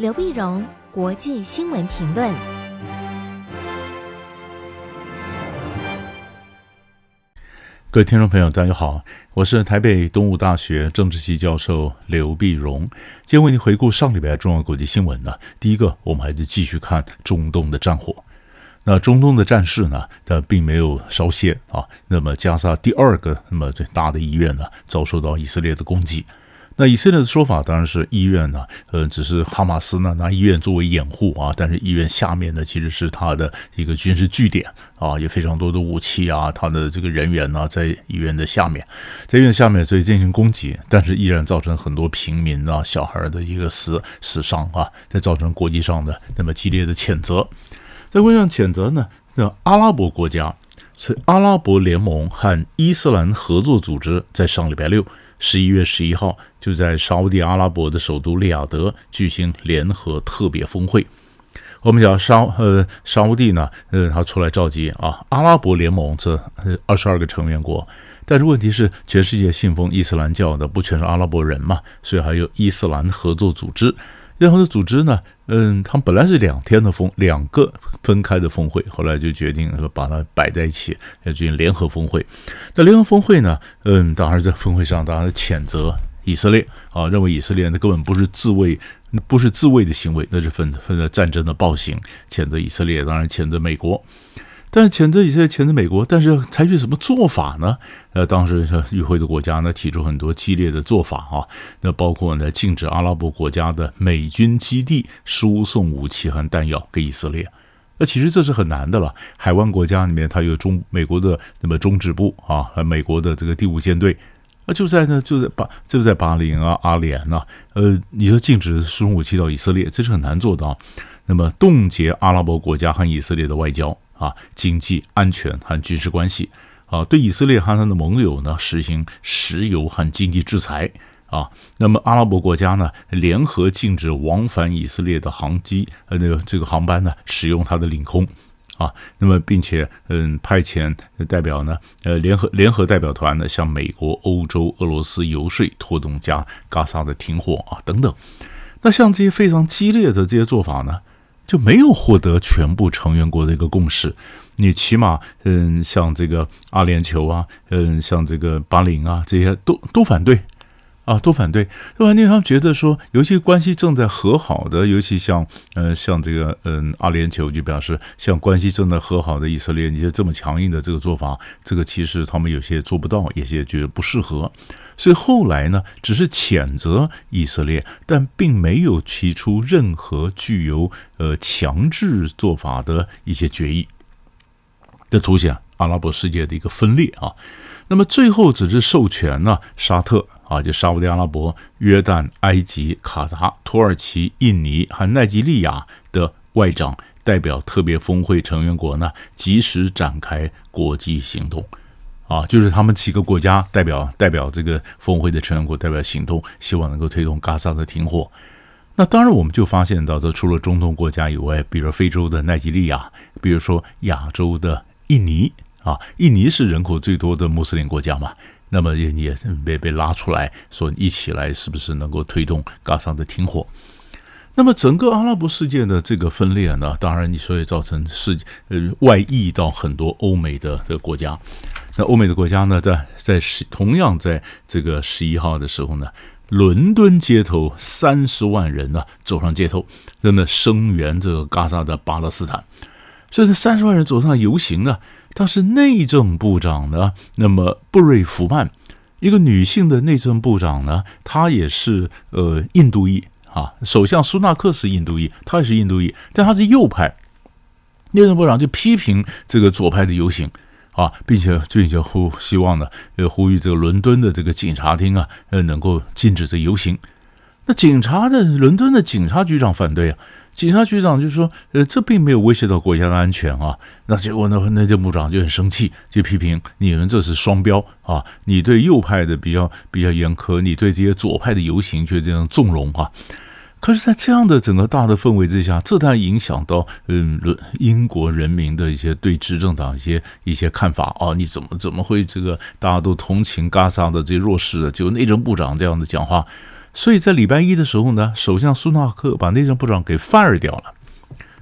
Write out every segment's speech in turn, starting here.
劉必榮，國際新聞評論。各位聽眾朋友，大家好，我是台北東吳大學政治系教授劉必榮，今天為您回顧上禮拜重要國際新聞呢。第一個，我們還是繼續看中東的戰火。那中東的戰事呢，它並沒有稍歇啊。那麼加沙第二個那麼最大的醫院呢，遭受到以色列的攻擊。那以色列的說法當然是醫院呢、啊，呃，只是哈馬斯呢拿醫院作為掩護啊，但是醫院下面呢其實是他的一個軍事據點啊，有非常多的武器啊，他的這個人員呢、啊、在醫院的下面，在醫院下面所以進行攻擊，但是依然造成很多平民啊、小孩的一個死死傷啊，在造成國際上的那麼激烈的譴責，在國際上譴責呢，讓阿拉伯國家，是阿拉伯聯盟和伊斯蘭合作組織在上禮拜六。十一月十一號，就在沙烏地阿拉伯的首都利雅得舉行聯合特別峰會。我們講沙呃，沙烏地呢，呃，他出來召集啊，阿拉伯聯盟這二十二個成員國。但是問題是，全世界信奉伊斯蘭教的不全是阿拉伯人嘛，所以還有伊斯蘭合作組織。然後的組織呢，嗯，他們本來是兩天的峰，兩個分開的峰會，後來就決定說把它擺在一起，要進行聯合峰會。那聯合峰會呢，嗯，當然在峰會上當然譴責以色列啊，認為以色列那根本不是自衛，不是自衛的行為，那是分分的戰爭的暴行，譴責以色列，當然譴責美國。但是譴責以色列，譴責美國，但是採取什麼做法呢？呃，當時與會的國家呢，提出很多激烈的做法啊，那包括呢，禁止阿拉伯國家的美軍基地輸送武器和彈藥給以色列。那、呃、其實這是很難的了。海灣國家裡面，它有中美國的那麼中止部啊，美國的這個第五艦隊啊、呃，就在呢就在，就在巴，就在巴林啊、阿聯啊。呃，你說禁止輸送武器到以色列，這是很難做到、啊。那麼凍結阿拉伯國家和以色列的外交，啊，經濟安全和軍事關係，啊，對以色列和他的盟友呢，實行石油和經濟制裁啊。那麼，阿拉伯國家呢，聯合禁止往返以色列的航機，呃，那、這個這個航班呢，使用它的領空啊。那麼，並且，呃、嗯，派遣代表呢，呃，聯合聯合代表團呢，向美國、歐洲、俄羅斯遊說，推動加加薩的停火啊等等。那像這些非常激烈的這些做法呢，就沒有獲得全部成員國的一個共識，你起碼，嗯，像這個阿聯酋啊，嗯，像這個巴林啊，這些都都反對。啊，都反對，都反對。他們覺得說，尤其關係正在和好的，尤其像，呃，像這個，嗯、呃，阿聯酋就表示，像關係正在和好的以色列，你就這麼強硬的這個做法，這個其實他們有些做不到，有些覺得不適合，所以後來呢，只是譴責以色列，但並沒有提出任何具有呃強制做法的一些決議，這凸顯阿拉伯世界的一個分裂啊，那麼最後只是授權呢，沙特。啊，就沙烏地阿拉伯、約旦、埃及、卡達、土耳其、印尼和奈及利亞的外長代表特別峰會成員國呢，及時展開國際行動，啊，就是他們幾個國家代表代表這個峰會的成員國代表行動，希望能夠推動加薩的停火。那當然，我們就發現到的，除了中東國家以外，比如非洲的奈及利亞，比如說亞洲的印尼，啊，印尼是人口最多的穆斯林國家嘛。那麼也你也被被拉出來，說一起來是不是能夠推動加沙的停火？那麼整個阿拉伯世界的這個分裂呢，當然你說也造成世呃外溢到很多歐美的的、這個、國家。那歐美的國家呢，在在十同樣在這個十一號的時候呢，倫敦街頭三十萬人呢走上街頭，在那聲援這個加沙的巴勒斯坦，所以這三十萬人走上遊行呢。但是內政部長呢，那麼布瑞弗曼，一個女性的內政部長呢，她也是呃印度裔啊。首相蘇納克是印度裔，她也是印度裔，但她是右派。內政部長就批評這個左派的遊行啊，並且並且呼希望呢，呃呼籲這個倫敦的這個警察廳啊，呃能夠禁止這遊行。那警察的倫敦的警察局長反對啊。警察局長就說：“呃，這並沒有威脅到國家的安全啊。”那結果呢？那內政部長就很生氣，就批評你們這是雙標啊！你對右派的比較比較嚴苛，你對這些左派的遊行卻這樣縱容啊！可是，在這樣的整個大的氛圍之下，這當然影響到嗯，英國人民的一些對執政黨一些一些看法啊！你怎麼怎麼會這個大家都同情加沙的這些弱勢、啊？的，就內政部長這樣的講話。所以在禮拜一的時候呢，首相蘇納克把內政部長給 fire 掉了，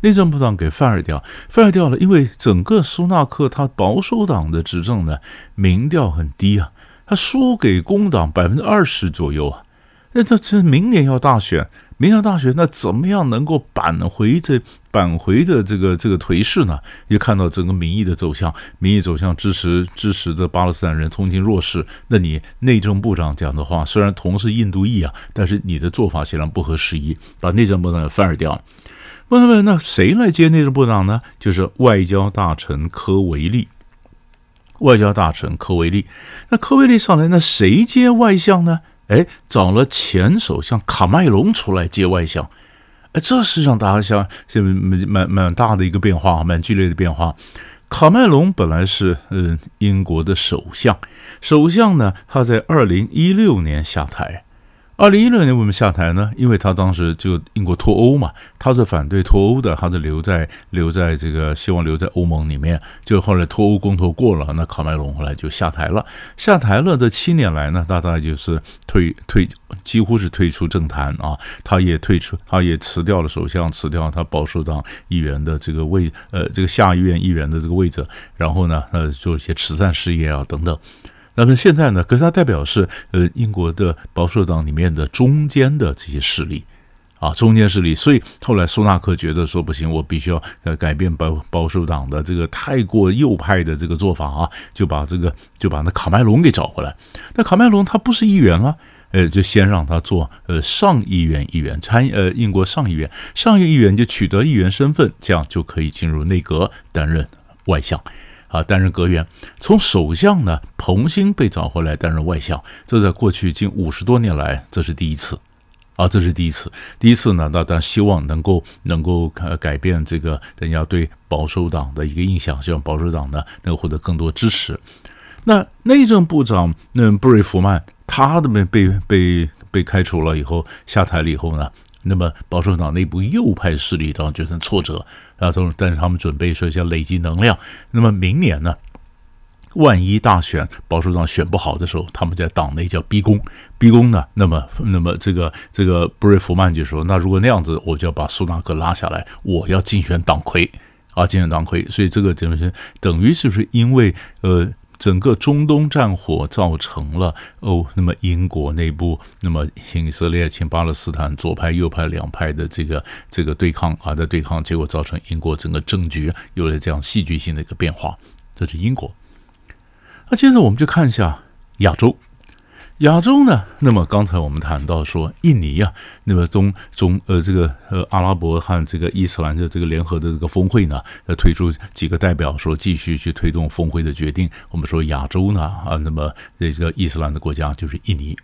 內政部長給 fire 掉，fire 掉了，因為整個蘇納克他保守黨的執政呢，民調很低啊，他輸給工黨百分之二十左右啊。那這這明年要大選，明年要大選，那怎麼樣能夠扳回這扳回的這個這個頹勢呢？你看到整個民意的走向，民意走向支持支持的巴勒斯坦人，同情弱勢。那你內政部長講的話，雖然同是印度裔啊，但是你的做法顯然不合時宜，把內政部長也 fire 掉了。問問那誰來接內政部長呢？就是外交大臣科維利。外交大臣科維利，那科維利上來，那誰接外相呢？哎，找了前首相卡麥隆出來接外相。哎，這是讓大家想，現在蠻蠻大的一個變化，蠻劇烈的變化。卡麥隆本來是嗯英國的首相，首相呢，他在二零一六年下台。二零一六年為什麼下台呢？因為他當時就英國脫歐嘛，他是反對脫歐的，他是留在留在這個希望留在歐盟裡面。就後來脫歐公投過了，那卡麥隆後來就下台了。下台了這七年來呢，大概就是退退，幾乎是退出政壇啊。他也退出，他也辭掉了首相，辭掉了他保守黨議員的這個位，呃，這個下議院議員的這個位置。然後呢，那、呃、做一些慈善事業啊，等等。那麼現在呢？格拉代表是呃英國的保守黨裡面的中間的這些勢力啊，中間勢力。所以後來蘇納克覺得說不行，我必須要呃改變保保守黨的這個太過右派的這個做法啊，就把這個就把那卡麥隆給找回來。那卡麥隆他不是議員啊，呃，就先讓他做呃上議院議員參呃英國上議院，上議院議員就取得議員身份，這樣就可以進入內閣擔任外相。啊，擔任閣員，從首相呢，彭星被找回來擔任外相，這在過去近五十多年來，這是第一次，啊，這是第一次，第一次呢，大家希望能夠能夠改改變這個人家對保守黨的一個印象，希望保守黨呢能獲得更多支持。那內政部長那、嗯、布瑞弗曼，他的被被被被開除了以後，下台了以後呢，那麼保守黨內部右派勢力當然覺得挫折，啊，但是他們準備說要累積能量。那麼明年呢，萬一大選保守黨選不好的時候，他們在黨內叫逼宮，逼宮呢？那麼那麼這個這個布瑞弗曼就說：“那如果那樣子，我就要把蘇納克拉下來，我要競選黨魁啊，競選黨魁。”所以這個等於是不是因為呃？整個中東戰火造成了哦，那麼英國內部，那麼親以色列、親巴勒斯坦左派、右派兩派的這個這個對抗啊，在對抗，結果造成英國整個政局又有了這樣戲劇性的一個變化。這是英國。那接着我們就看一下亞洲。亞洲呢？那麼剛才我們談到說，印尼啊，那麼中中呃這個呃阿拉伯和這個伊斯蘭的這個聯合的這個峰會呢，要推出幾個代表說繼續去推動峰會的決定。我們說亞洲呢啊，那麼這個伊斯蘭的國家就是印尼，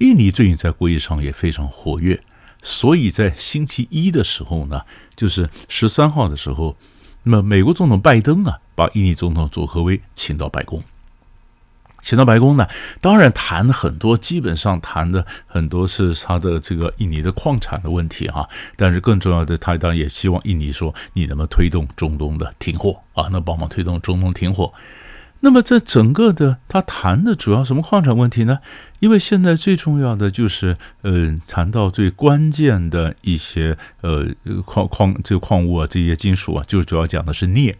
印尼最近在國際上也非常活躍，所以在星期一的時候呢，就是十三號的時候，那麼美國總統拜登啊，把印尼總統佐科威請到白宮。前到白宮呢，當然談的很多，基本上談的很多是他的這個印尼的礦產的問題啊。但是更重要的，他當然也希望印尼說，你能不能推動中東的停火啊，能幫忙推動中東停火。那麼這整個的他談的主要什麼礦產問題呢？因為現在最重要的就是，嗯、呃，談到最關鍵的一些呃礦礦這個礦物啊，這些金屬啊，就是主要講的是鎳。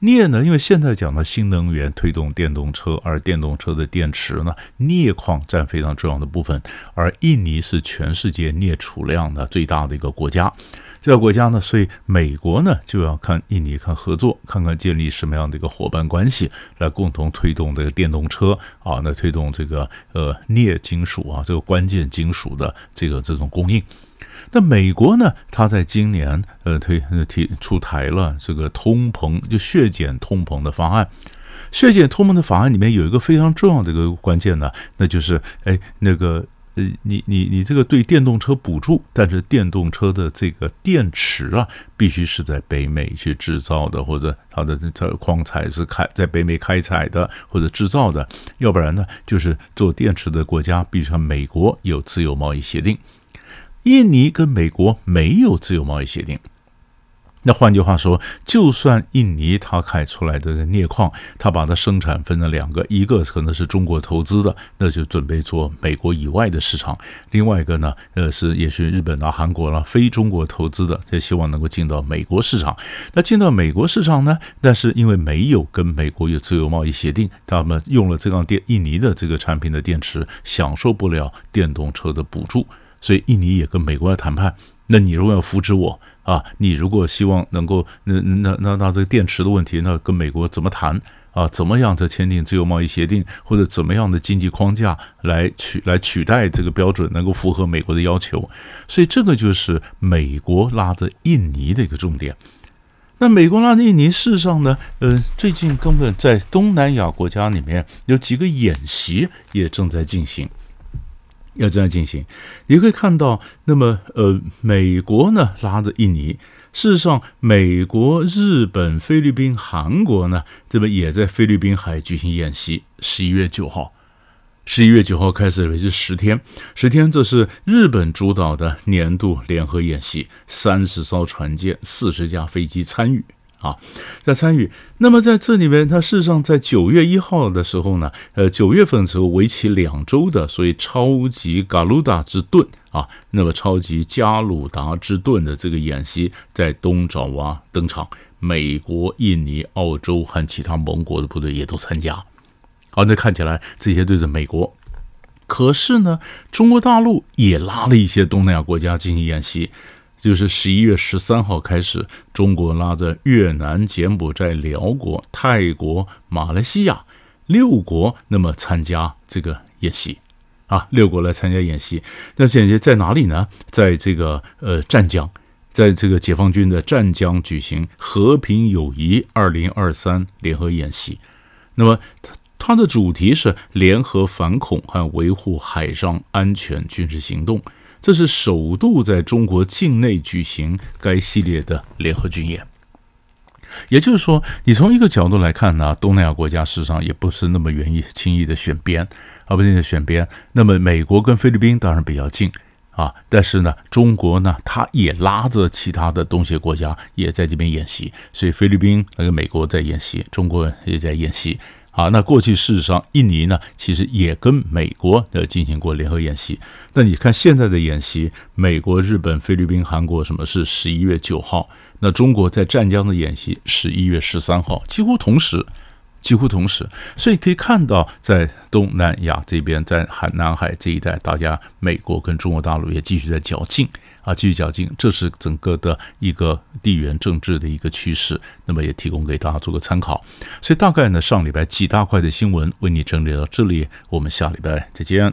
鎳呢，因為現在講的新能源推動電動車，而電動車的電池呢，鎳礦佔非常重要的部分。而印尼是全世界鎳儲量的最大的一個國家。這個國家呢，所以美國呢就要看印尼看合作，看看建立什麼樣的一個夥伴關係，來共同推動這個電動車啊，來推動這個呃鎳金屬啊這個關鍵金屬的這個這種供應。那美國呢，它在今年呃推呃提出台了這個通膨就削減通膨的方案，削減通膨的法案裡面有一個非常重要的一個關鍵呢，那就是哎那個。呃，你你你這個對電動車補助，但是電動車的這個電池啊，必須是在北美去製造的，或者它的礦採是開在北美開採的，或者製造的，要不然呢，就是做電池的國家必須和美國有自由貿易協定。印尼跟美國沒有自由貿易協定。那換句話說，就算印尼它開出來的鎳礦，它把它生產分成兩個，一個可能是中國投資的，那就準備做美國以外的市場；另外一個呢，呃，是也許日本、啊、到韓國啦、啊，非中國投資的，這希望能夠進到美國市場。那進到美國市場呢，但是因為沒有跟美國有自由貿易協定，他們用了這輛電印尼的這個產品的電池，享受不了電動車的補助，所以印尼也跟美國來談判。那你如果要扶持我？啊，你如果希望能夠那那那那這個電池的問題，那跟美國怎麼談啊？怎麼樣的簽訂自由貿易協定，或者怎麼樣的經濟框架來取來取代這個標準，能夠符合美國的要求。所以這個就是美國拉着印尼的一個重點。那美國拉着印尼，事實上呢，呃，最近根本在東南亞國家裡面有幾個演習也正在進行。要這樣進行，你可以看到，那麼呃，美國呢拉着印尼，事實上，美國、日本、菲律賓、韓國呢，這邊也在菲律賓海舉行演習。十一月九號，十一月九號開始，為期十天，十天這是日本主導的年度聯合演習，三十艘船艦、四十架飛機參與。啊，在參與。那麼在這裡面，它事實上在九月一號的時候呢，呃，九月份的時候為期兩週的，所謂超級加魯達之盾啊，那麼超級加魯達之盾的這個演習在東爪哇登場，美國、印尼、澳洲和其他盟國的部隊也都參加。好，啊，那看起來這些對着美國，可是呢，中國大陸也拉了一些東南亞國家進行演習。就是十一月十三號開始，中國拉着越南、柬埔寨、寮國、泰國、馬來西亞六國，那麼參加這個演習，啊，六國來參加演習。那現在在哪裡呢？在這個呃湛江，在這個解放軍的湛江舉行“和平友誼 2023” 聯合演習。那麼它它的主題是聯合反恐和維護海上安全軍事行動。這是首度在中國境內舉行該系列的聯合軍演，也就是說，你從一個角度來看呢，東南亞國家事實上也不是那麼願意輕易的選邊，啊，不，是在選邊。那麼美國跟菲律賓當然比較近啊，但是呢，中國呢，他也拉着其他的東協國家也在這邊演習，所以菲律賓那個美國在演習，中國也在演習。啊，那過去事實上，印尼呢其實也跟美國的進行過聯合演習。那你看現在的演習，美國、日本、菲律賓、韓國，什麼是十一月九號？那中國在湛江的演習，十一月十三號，幾乎同時。幾乎同時，所以可以看到，在東南亞這邊，在海南海這一帶，大家美國跟中國大陸也繼續在較勁啊，繼續較勁，這是整個的一個地緣政治的一個趨勢，那麼也提供給大家做個參考。所以大概呢，上禮拜幾大塊的新聞為你整理到這裡，我們下禮拜再見。